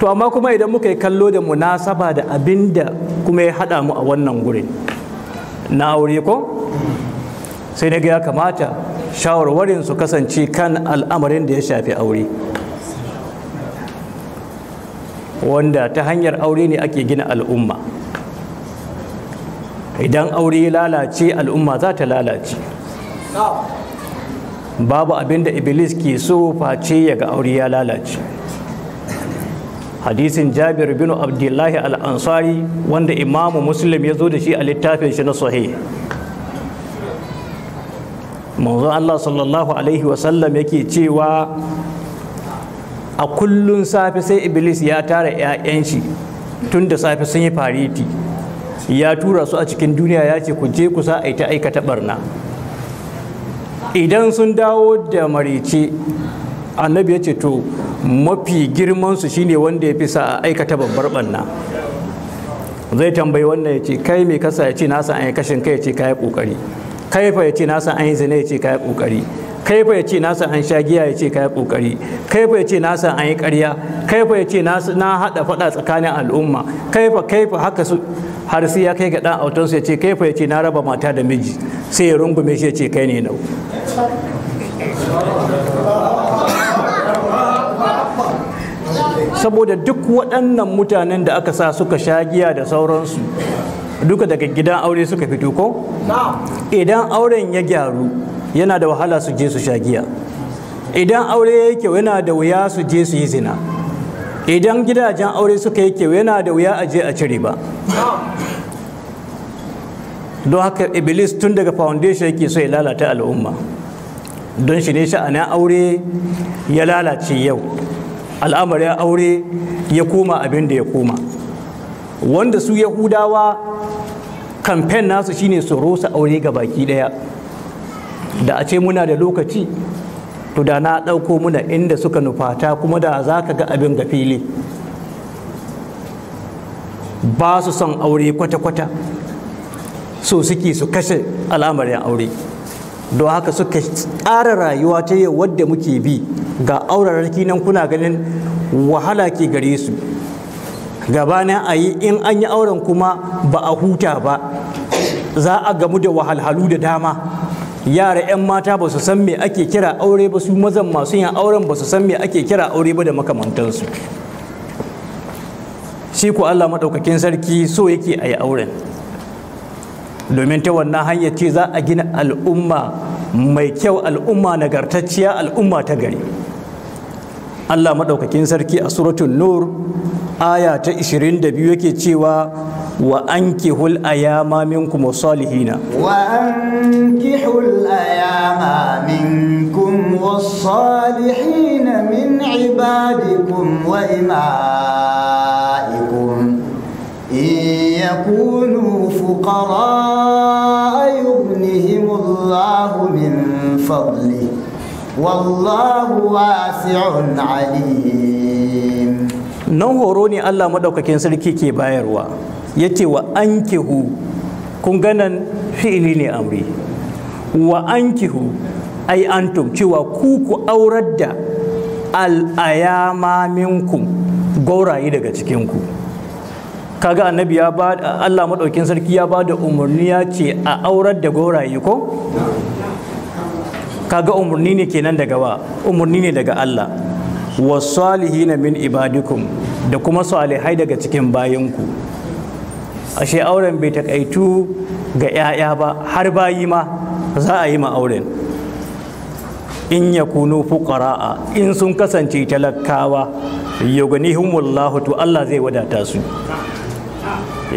to amma kuma idan muka yi kallo da munasaba da abin da kuma ya haɗa mu a wannan gurin na aure ko sai na ga ya kamata shawarwarin su kasance kan al'amarin da ya shafi aure wanda ta hanyar aure ne ake gina al'umma idan aure ya lalace al'umma za ta lalace babu abin da iblis ke so face ya ga aure ya lalace hadisin jabir bin abdullahi al-ansari wanda imamu muslim ya zo da shi a littafin shi na sahih manzo Allah sallallahu alaihi wasallam yake cewa a kullun safe sai iblis ya tara 'ya'yan shi tun da safe sun yi fariti ya tura su a cikin duniya ya ce ku je ku sa ta aikata barna idan sun dawo da marice annabi ya ce to mafi girmansu shine wanda ya fi sa aikata babbar banna zai tambayi wannan ya ce kai mai kasa ya ce nasa an yi kashin kai ya ce kayi kokari kai fa ya ce nasa an yi zina ya ce kayi kokari kai fa ya ce nasa an sha giya ya ce kayi kokari kai fa ya ce nasa an yi ƙarya. kai fa ya ce na hada fada tsakanin al'umma kai fa kai fa haka su har sai ya kai ga dan su ya ce kai fa ya ce na raba mata da miji sai ya rungume shi ya ce kai ne nau saboda duk waɗannan mutanen da aka sa suka sha giya da sauransu duka daga gidan aure suka fito ko idan auren ya gyaru yana da wahala su je su sha giya idan aure ya kyau yana da wuya su je su yi zina idan gidajen aure suka yi kyau yana da wuya a je a cire ba don haka iblis tun daga foundation yake so ya lalata al'umma don shi ne sha'anin aure ya lalace yau al'amarin aure ya koma abin da ya koma wanda su yahudawa kamfen nasu shine su rosa aure ga baki daya da a ce muna da lokaci to da na ɗauko muna inda suka nufata kuma da za ka ga abin ga fili ba su son aure kwata-kwata so suke su kashe al'amarin aure don haka suka tsara rayuwa ta yau wadda muke bi ga aurarki nan kuna ganin wahala ke gare su na a yi in an yi auren kuma ba a huta ba za a gamu da wahalhalu da dama yara 'yan mata ba su san me ake kira aure ba su mazan masu yin auren ba su san me ake kira aure ba da makamantansu shi ku Allah maɗaukakin sarki so yake a yi auren domin ta wannan hanyar ce za a gina al'umma mai kyau al'umma nagartacciya al'umma ta gari Allah maɗaukakin sarki a suratul nur aya ta 22 yake cewa wa ankihul ayama minkum salihina wa ankihul ayama minkum salihina min ibadikum wa imaikum in yakunu fuqara yughnihimullahu min fadli wallahu wasi'un alim nan horo ne Allah madaukakin sarki ke bayarwa yace wa ankihu kun ganan fi'ili ne amri wa ankihu ai antum cewa ku ku aurar da al'ayama minkum gauraye daga cikinku kaga annabi ya ba Allah madaukin sarki ya ba da umarni ya ce a aurar da gauraye ko kaga umarni ne kenan daga wa umarni ne daga Allah salihina min ibadikum da kuma salihai daga cikin bayanku ashe auren bai takaitu ga 'ya'ya ba har bayi ma za a yi ma auren in ya kunu fuqara'a in sun kasance talakawa yughnihumullahu to Allah zai wadata su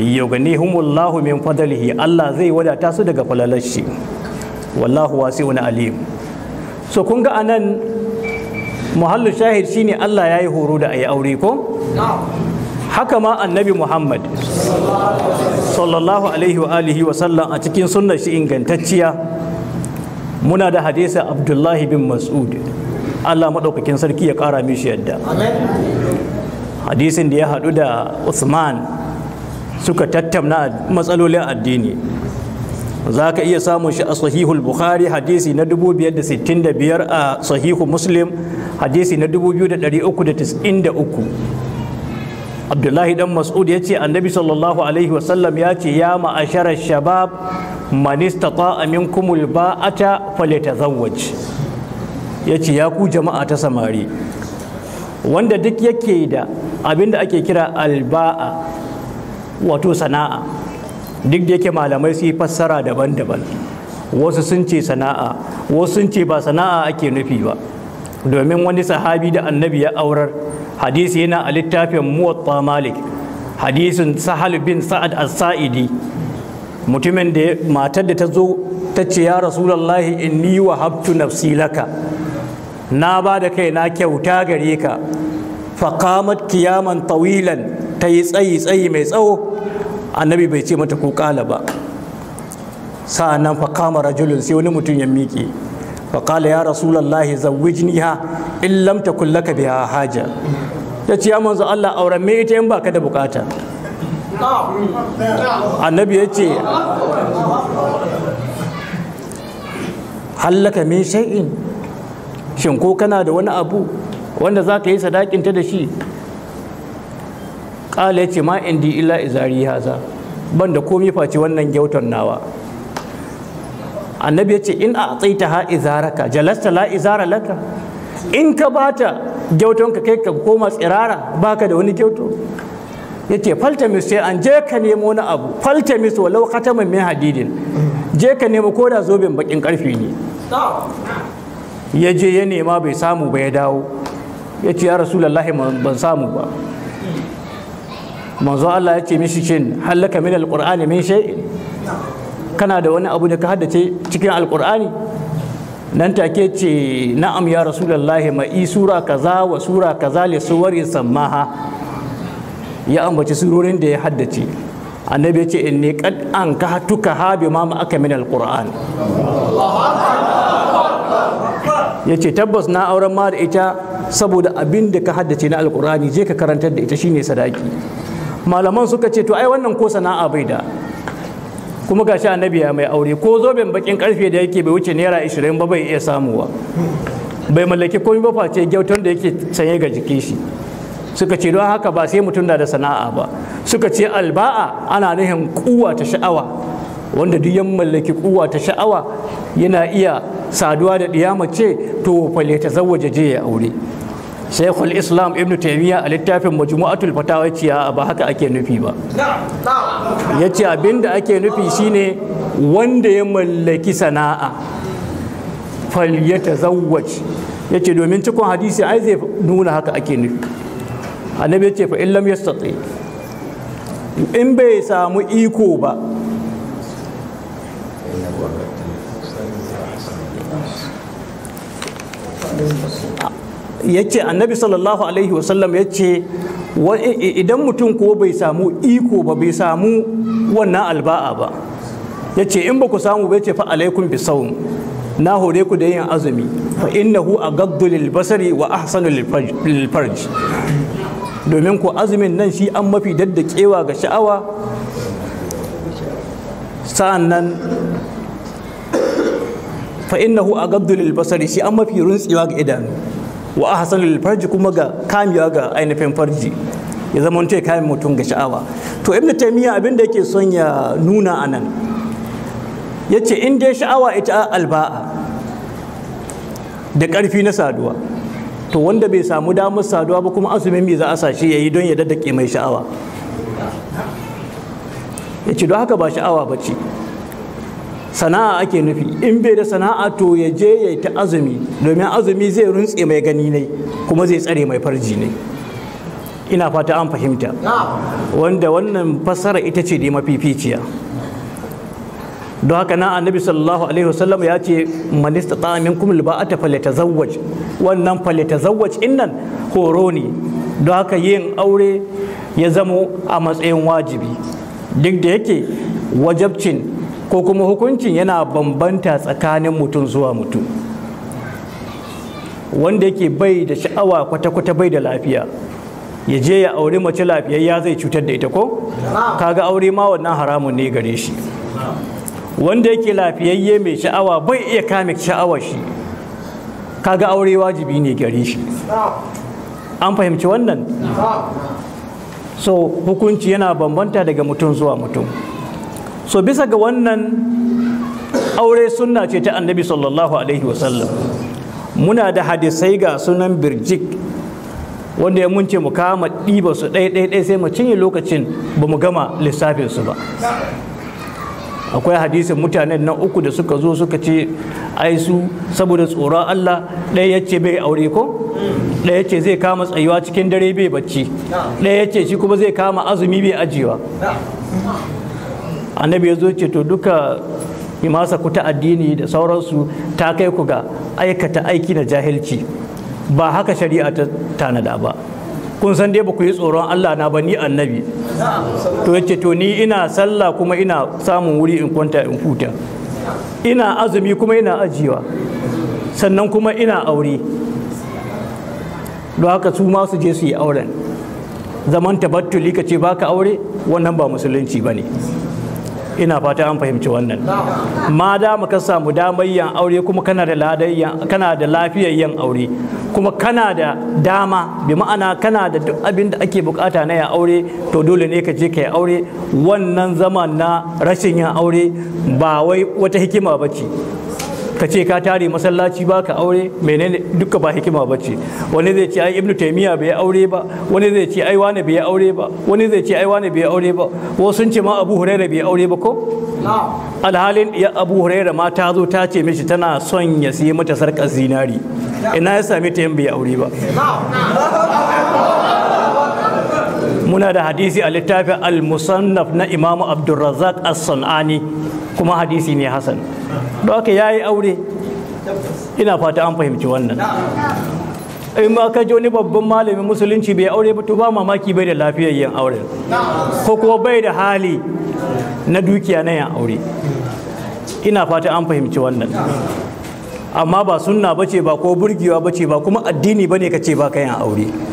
yughnihumullahu min fadlihi Allah zai wadata su daga falalashi wallahu wasi'un alim so kun ga anan muhallin shahid shine Allah ya yi horo da a yi aure ko haka ma annabi muhammad sallallahu alaihi wa alihi wa sallam a cikin sunnar shi ingantacciya muna da hadisa abdullahi bin mas'ud allah maɗaukakin sarki ya ƙara mishi yadda hadisin da ya haɗu da usman suka tattauna matsalolin addini za ka iya samun shi a sahihul bukhari hadisi na 565 a sahihu muslim hadisi na 2393 abdullahi dan mas'ud ya ce annabi sallallahu alaihi wasallam ya ce ya ma'asharar shabab manista man istata'a ta falita zawaj ya ce ya ku jama'a ta samari wanda duk yake da abinda ake kira alba'a wato sana'a duk da yake malamai su yi fassara daban-daban wasu sun ce sana'a wasu sun ce ba sana'a ake nufi ba domin wani sahabi da annabi ya aurar hadisi yana a littafin muwatta malik hadisin sahal bin sa'ad as-sa'idi mutumin da matar da ta zo ta ce ya in inni wa habtu nafsi laka na ba da kai na kyauta gare ka faqamat kiyaman tawilan ta yi tsayi tsayi mai tsawo annabi bai ce mata ko ba sa'annan fa kama rajulun sai wani mutum ya miƙe fa kala ya rasulullahi iya in lam ka laka biya haja ya ce ya manzo Allah auren me ita in baka da bukata annabi ya ce hallaka min shay'in shin ko kana da wani abu wanda za ka yi sadakinta da shi ƙala ya ce ma indi illa izari haza ban da komi face wannan gyautan nawa annabi ya ce in a tsaita ha izaraka jalasta la izara laka in ka bata gyauton ka kai ka koma tsirara baka da wani gyauto ya ce faltamis sai an je ka nemo wani abu faltamis walau khataman min hadidin je ka nemo ko da zoben bakin karfi ne ya je ya nema bai samu ba ya dawo ya ce ya rasulullahi ban samu ba manzo Allah ya ce mishi shin hallaka min alqur'ani min shay kana da wani abu da ka haddace cikin alqur'ani nan take ce na'am ya rasulullahi ma i sura kaza wa sura kaza li suwari sammaha ya ambaci surorin da ya haddace annabi ya ce inni qad an ka hatuka ha bi ma aka min alqur'an ya ce tabbas na auren ma da ita saboda abin da ka haddace na alqur'ani je ka karantar da ita shine sadaki malaman suka ce to ai wannan ko sana'a bai da kuma gashi annabi ya mai aure ko zoben bakin karfe da yake bai wuce naira 20 ba bai iya samuwa bai mallaki komai ba face gyautar da yake sanye ga jiki shi suka ce don haka ba sai mutum na da sana'a ba suka ce alba'a ana nuhin kuwa ta sha'awa wanda duk yan mallaki kuwa ta sha'awa yana iya saduwa da ɗiya mace to fale ta zawaje je ya aure shaykhul islam ibn taymiya a littafin majmu'atul fatawa ciya ba haka ake nufi ba yace abinda ake nufi shine wanda ya mallaki sana'a fal yatazawwaj yace domin cikon hadisi ai zai nuna haka ake nufi annabi yace fa illam yastati in bai samu iko ba yace annabi sallallahu alaihi wasallam yace idan mutum ko bai samu iko ba bai samu wannan alba'a ba yace in ba ku samu bai ce fa alaikum bisawm na hore ku da yin azumi fa innahu a lil basari wa ahsanu lil farj domin ku azumin nan shi an mafi daddakewa ga sha'awa sa'annan fa innahu a lil basari shi an mafi runtsewa ga idanu wa ahsanul farji kuma ga kamewa ga ainihin farji ya zama ya kayan mutum ga sha'awa to ibn taymiya abin da yake son ya nuna anan yace in ya sha'awa ita alba'a da ƙarfi na saduwa to wanda bai samu damar saduwa ba kuma azumi me za a sashi yayi don ya daddake mai sha'awa yace don haka ba sha'awa ba ce sana'a ake nufi in bai da sana'a to ya je ya ta azumi domin azumi zai runtse mai gani ne kuma zai tsare mai farji ne ina fata an fahimta wanda wannan fassara ita ce da mafificiya don haka na annabi sallallahu alaihi wasallam ya ce man istata minkum ta falyatazawwaj wannan falyatazawwaj innan horo ne don haka yin aure ya zamo a matsayin wajibi duk da yake wajabcin ko kuma hukuncin yana bambanta tsakanin mutum zuwa mutum wanda yake bai da sha'awa kwata-kwata bai da lafiya ya je ya aure mace lafiyayya zai cutar da ita ko kaga aure ma wannan haramun ne gare shi wanda yake lafiyayye mai sha'awa bai iya kame sha'awa shi kaga aure wajibi ne gare shi an fahimci wannan so hukunci yana bambanta daga mutum zuwa mutum so bisa ga wannan aure sunna ce ta annabi sallallahu alaihi wasallam muna da hadisai ga sunan birjik wanda ya munce mu kama ɗiba su ɗaya sai mu cinye lokacin ba mu gama lissafinsu ba akwai hadisin mutanen na uku da suka zo suka ce ai su saboda tsoron Allah ɗaya ya ce bai aure ko ɗaya ya ce zai kama tsayuwa cikin dare bai bacci ɗaya ya ce shi kuma zai kama azumi bai ajiyewa annabi ya zo ce to duka ku ta addini da sauransu ta kai ku ga aikata aiki na jahilci ba haka shari'a ta tanada ba kun san dai ba ku yi tsoron Allah na ba ni annabi to yace to ni ina sallah kuma ina samun wuri in kwanta in huta ina azumi kuma ina ajiyewa sannan kuma ina aure don haka su ma su je su yi auren zaman tabattuli ka ce baka aure wannan ba musulunci ba ne ina fata an fahimci wannan ma da ka samu damar yin aure kuma kana da ladayya kana da yin aure kuma kana da dama bi ma'ana kana da duk abin da ake bukata na ya aure to dole ne ka je ka yi aure wannan zaman na rashin yin aure ba wai wata hikima ba ce ka ce ka tare masallaci ba ka aure menene duka ba hikima ba ce wani zai ce ai ibnu taimiyya bai aure ba wani zai ce ai wani bai aure ba wani zai ce ai wani bai aure ba wasu sun ce ma abu huraira bai aure ba ko alhalin ya abu huraira ma ta zo ta ce mishi tana son ya siye mata sarkar zinari ina ya sami ta yin bai aure ba muna da hadisi a littafin al-musannaf na imamu abdulrazak as-sanani kuma hadisi ne hasan don haka ya yi aure ina fata an fahimci wannan in ba ka ji wani babban malamin musulunci bai aure ba to ba mamaki bai da lafiyar yin aure ko kuma bai da hali na dukiya na yin aure ina fata an fahimci wannan amma ba sunna bace ba ko burgewa bace ba kuma addini bane ce ba ka yin aure